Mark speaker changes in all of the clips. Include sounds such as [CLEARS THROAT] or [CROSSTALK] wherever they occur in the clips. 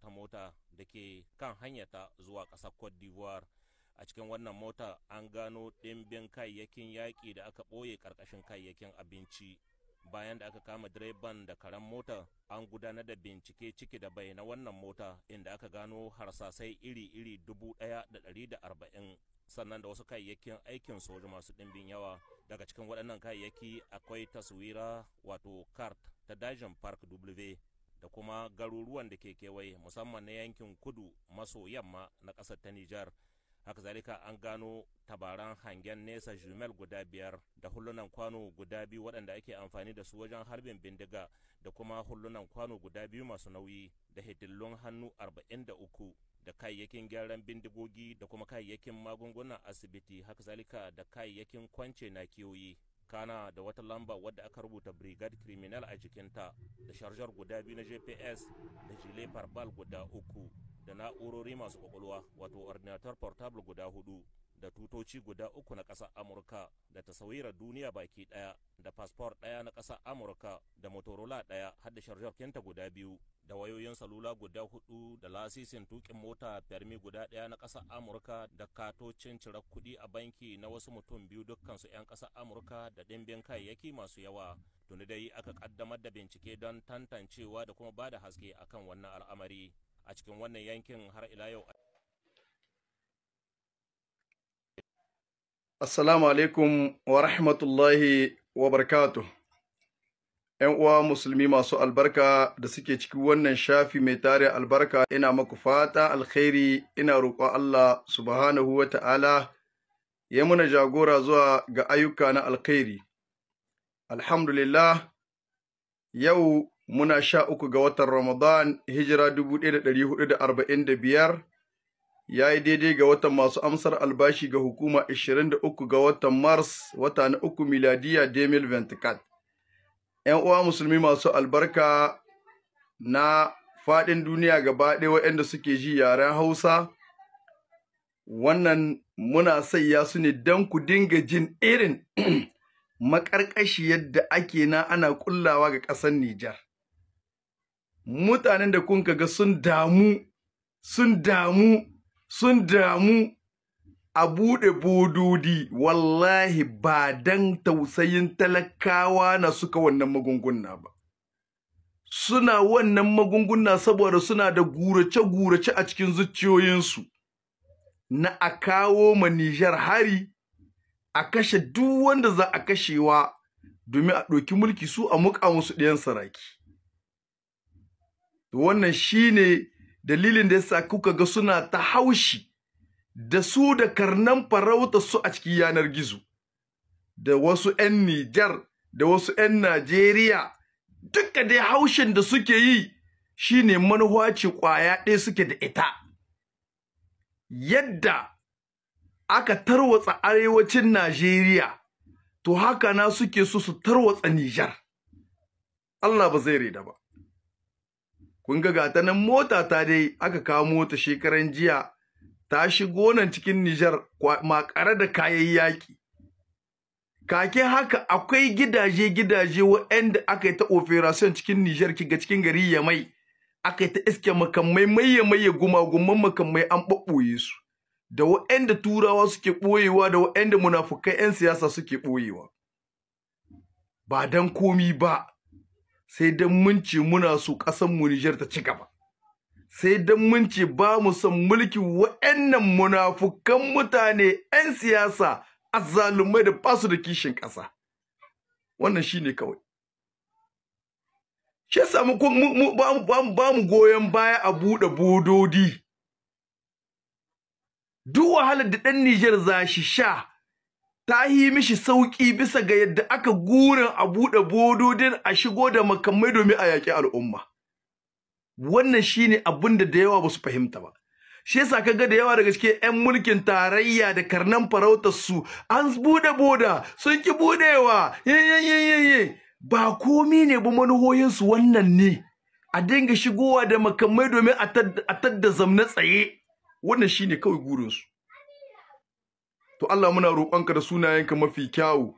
Speaker 1: wata mota da ke kan hanyata zuwa ƙasar cote d'ivoire a cikin wannan mota an gano ɗimbin kayayyakin yaƙi da aka ɓoye ƙarƙashin kayayyakin abinci bayan da aka kama direban da karen mota an gudanar da bincike ciki da bai na wannan mota inda aka gano harsasai iri-iri dubu ɗaya da ɗari da arba'in sannan da wasu kayayyakin aikin soja masu ɗimbin yawa daga cikin waɗannan kayayyaki akwai taswira wato kart ta dajin park w da kuma garuruwan da ke kewaye musamman na yankin kudu maso yamma na ƙasar ta Nijar. Haka zalika an gano tabaran hangen nesa jumel guda biyar da hulunan kwano guda biyu waɗanda ake amfani da su wajen harbin bindiga da kuma hulunan kwano guda biyu masu nauyi da hidillun hannu arba'in da uku da kayayyakin gyaran bindigogi da kuma kayayyakin magungunan asibiti haka zalika da kayayyakin kwance na kiyoyi. kana da wata lamba wadda aka rubuta brigade criminal a jikinta da sharjar guda biyu na gps da jile bal guda uku da na'urori masu kwakwalwa wato ordinator portable guda hudu da tutoci guda uku na ƙasar amurka da tasawirar duniya baki ɗaya da fasfor ɗaya na ƙasar amurka da motorola ɗaya har da sharjarkinta guda biyu da wayoyin salula guda hudu da lasisin tukin mota fermi guda ɗaya na ƙasar amurka da katocin cirar kuɗi a banki na wasu mutum biyu dukkansu 'yan ƙasar amurka da ɗimbin kayayyaki masu yawa tuni dai aka ƙaddamar da bincike don tantancewa da kuma bada da haske akan wannan al'amari a cikin wannan yankin har ila yau
Speaker 2: Assalamu alaikum wa rahmatullahi wa barakatuh. ‘Yan uwa musulmi masu albarka da suke cikin wannan shafi mai tare albarka ina maku fata alkhairi ina roƙon Allah subhanahu wa ta'ala ya muna jagora zuwa ga ayyuka na alkhairi. Alhamdulillah, yau muna sha uku ga watan Ramadan hijira dubu ɗaya da da da arba'in biyar. ya yi daidai ga watan masu amsar albashi ga hukuma 23 ga watan Mars wata na uku miladiya 2024. ‘Yan uwa musulmi masu albarka na faɗin duniya gaba ɗaya waɗanda suke ji yaren Hausa, wannan muna sayya su ne don ku dinga jin irin [CLEARS THROAT] maƙarƙashi yadda ake na ana ƙullawa ga ƙasar Nijar. Mutanen da kun ga sun damu, sun damu sun damu a buɗe bododi wallahi ba dan tausayin talakawa na suka wannan magunguna ba suna wannan magunguna saboda suna da gurace-gurace a cikin zuciyoyinsu na a kawo ma Nijar hari a kashe duk wanda za a kashewa domin a ɗauki mulki su a muƙa musu ɗayan saraki wannan shi ne. dalilin da yasa kuka ga suna ta haushi da su da karnan farauta su a cikin yanar gizo da wasu 'yan Nijar da wasu 'yan Najeriya duka dai haushin da suke yi shine manuwa kwaya ɗaya suke da ita yadda aka tarwatsa arewacin Najeriya to haka na suke su su tarwatsa Nijar Allah ba zai reda ba kun ga gata nan mota ta dai aka kawo mota shekaran jiya ta shi nan cikin Nijar makare da kayan yaki kake haka akwai gidaje gidaje waɗanda aka yi ta operation cikin Nijar kiga cikin gari ya mai aka yi ta iske makamai maye maye gumagumman makamai an ɓaɓɓoye su da waɗanda turawa suke ɓoyewa da waɗanda munafukai 'yan siyasa suke ɓoyewa ba don komi ba sai dan mun muna so ƙasar mu Nijar ta ci gaba sai dan mun ce ba mu san mulkin wa'annan munafukan mutane 'yan siyasa azzalumai da basu da kishin ƙasa wannan shine kawai shi yasa mu ba mu goyon baya a buɗe bododi duk wahalar da ɗan Nijar za shi sha ta yi mishi sauki bisa ga yadda aka gurin a buɗe bododin a shigo da makamai domin a yaƙi al'umma wannan shine abin da da yawa ba su fahimta ba shi yasa ga da yawa daga cikin 'yan mulkin tarayya da karnan farautar su an buɗe boda sun ki buɗewa ba komi ne ba manuhoyinsu wannan ne a dinga shigowa da makamai domin a tadda zamna tsaye wannan shine kawai gurinsu to Allah muna roƙonka da sunayenka mafi kyawu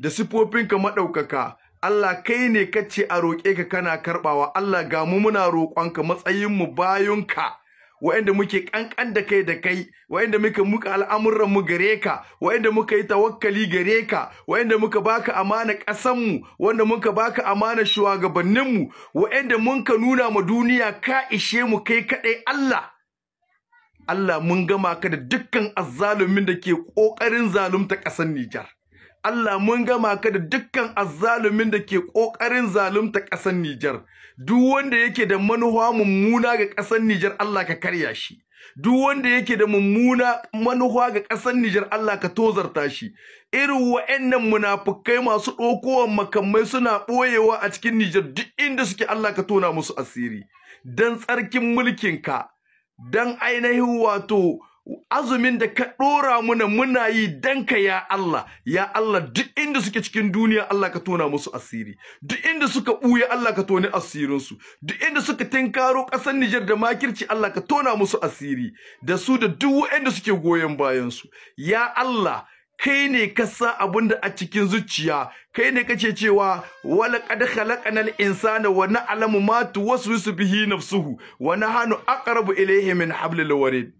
Speaker 2: da sifofinka maɗaukaka Allah kai ne kace a roƙe ka kana karɓawa Allah ga mu muna roƙonka matsayinmu bayonka wa'inda muke ƙanƙan da kai da kai wa'inda muke muka al'amuran mu gare ka wa'inda muka yi tawakkali gare ka wa'inda muka baka amana ƙasan mu wanda muka baka amana shugabannin mu wa'inda munka nuna ma duniya ka ishe mu kai kaɗai Allah Allah mun gama ka da dukkan azzalumin da ke ƙoƙarin zalunta ƙasar Nijar. Allah mun gama ka da dukkan azzalumin da ke ƙoƙarin zalunta ƙasar Nijar. Duk wanda yake da manuwa mummuna ga ƙasar Nijar Allah ka karya shi. Duk wanda yake da mummuna manuwa ga ƙasar Nijar Allah ka tozarta shi. Irin wa'annan munafukai masu ɗokowar makamai suna ɓoyewa a cikin Nijar duk inda suke Allah ka tona musu asiri. Dan tsarkin mulkin ka Don ainihin wato azumin da ka ɗora muna muna yi danka ya Allah ya Allah duk inda suke cikin duniya Allah ka tona musu asiri duk inda suka ɓuya Allah ka toni asirinsu duk inda suka tinkaro ƙasar Nijar da makirci Allah ka tona musu asiri da su da duk waɗanda suke goyon bayansu ya Allah kai ne ka san abin da a cikin zuciya kai ne kace cewa wala qad khalaqanal insana wa na'lamu ma tuwaswisu bihi nafsuhu wa nahnu aqrabu ilayhi min hablil warid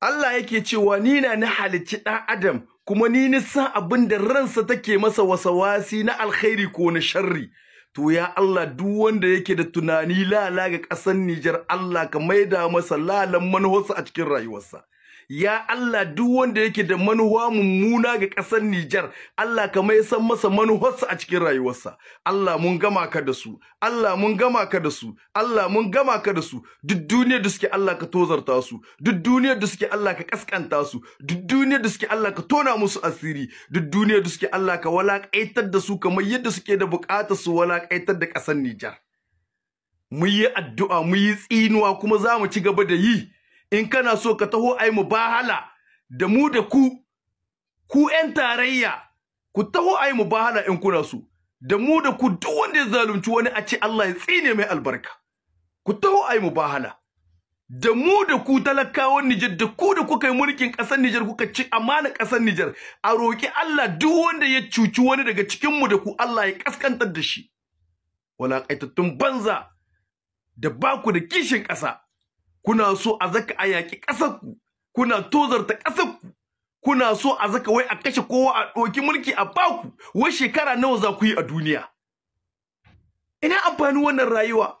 Speaker 2: Allah yake cewa ni na ni halicci ɗan adam kuma ni nisan abin da ransa take masa wasi na alkhairi ko na sharri to ya Allah duk wanda yake da tunani lala ga ƙasar Nijar Allah ka maida masa lalan manhosa a cikin rayuwarsa ya Allah duk wanda yake da manuwa mummuna ga ƙasar Nijar Allah ka mai san masa manuwarsa a cikin rayuwarsa Allah mun gama ka da su Allah mun gama ka da su Allah mun gama ka da su duk duniyar da suke Allah ka tozarta su duk duniyar da suke Allah ka kaskanta su duk duniyar da suke Allah ka tona musu asiri duk duniyar da suke Allah ka walaƙaitar da su kamar yadda suke da bukatar su walaƙaitar da ƙasar Nijar mu yi addu'a mu yi tsinuwa kuma za mu ci gaba da yi in kana so ka taho ai bahala da mu da ku ku ƴan tarayya ku taho ai bahala in kuna so da mu da ku duk wanda ya zalunci wani a ce Allah ya tsine mai albarka ku taho ai bahala da mu da ku talakawan Niger da ku da kuka yi mulkin ƙasar Nijar kuka ci amana ƙasar Nijar a roƙi Allah duk wanda ya cuci wani daga cikin mu da ku Allah ya kaskantar da shi wala banza da baku da kishin ƙasa kuna so a zaka a yaƙi ƙasarku kuna tozarta ƙasarku kuna so a zaka wai a kashe kowa a ɗoki mulki a baku wai shekara nawa za ku yi a duniya ina amfani wannan rayuwa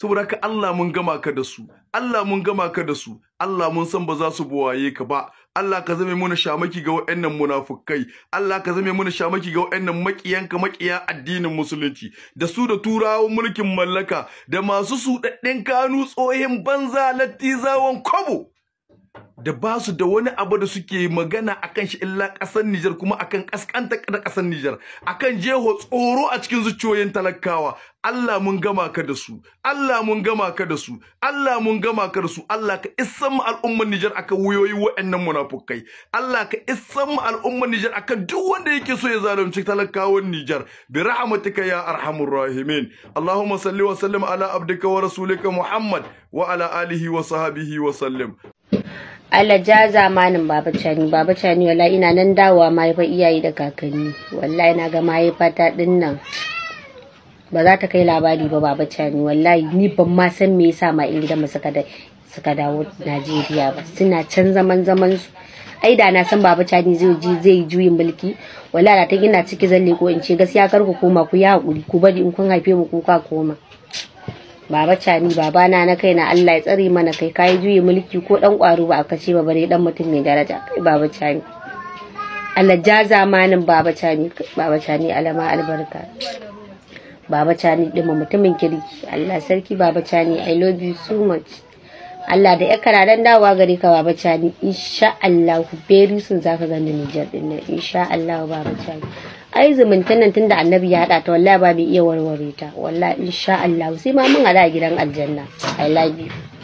Speaker 2: saboda ka Allah mun gama ka da su Allah mun gama ka da su Allah mun san ba za su buwaye ka ba Allah ka zame muna shamaki ga waɗannan munafukai Allah ka zame muna shamaki ga waɗannan makiyanka makiya addinin musulunci da su da turawan mulkin mallaka da masu su daddin kanu tsohin banza latti zawon kwabo da ba su da wani abu da suke magana akan shi illa ƙasar Nijar kuma akan ƙasƙanta da ƙasar Nijar akan jeho tsoro a cikin zuciyoyin talakawa Allah mun gama ka da su Allah mun gama ka da su Allah mun gama ka da su Allah ka isan mu al'ummar Nijar akan wuyoyi waɗannan munafukai Allah ka isan mu al'ummar Nijar akan duk wanda yake so ya zalunci talakawan Nijar bi rahmatika ya arhamur rahimin Allahumma salli wa sallim ala abdika wa rasulika Muhammad wa ala alihi wa sahbihi wa sallim
Speaker 3: Allah ja zamanin Baba Chani, Baba Chani wallahi ina nan dawowa mahaifa iyaye da kakanni. Wallahi na ga mahaifa ta din nan. Ba za ta kai labari ba Baba Chani, wallahi ni ban ma san me yasa ma in gidan suka da suka dawo Najeriya ba. Suna can zaman zaman su. Ai da na san Baba Chani zai ji zai juyin mulki. Wallahi da ta gina ciki zalle ko in ce gaskiya kar ku koma ku ya hakuri ku bari in kun haife mu kuka koma. baba cani baba na na kai na Allah ya tsare mana kai kai juye mulki ko dan kwaro ba aka ce ba bare dan mutum mai daraja kai baba cani Allah ja zamanin baba cani baba cani alama albarka baba cani dima mutumin kirki Allah sarki baba cani i love you so much Allah da ya dan dawa gari ka baba cani insha Allah beri sun zaka gani Nijar din nan insha Allah baba cani ai zumuntan nan tunda annabi ya hada ta wallahi ba mai iya warware ta wallahi insha Allah sai ma mun hada gidan aljanna i love you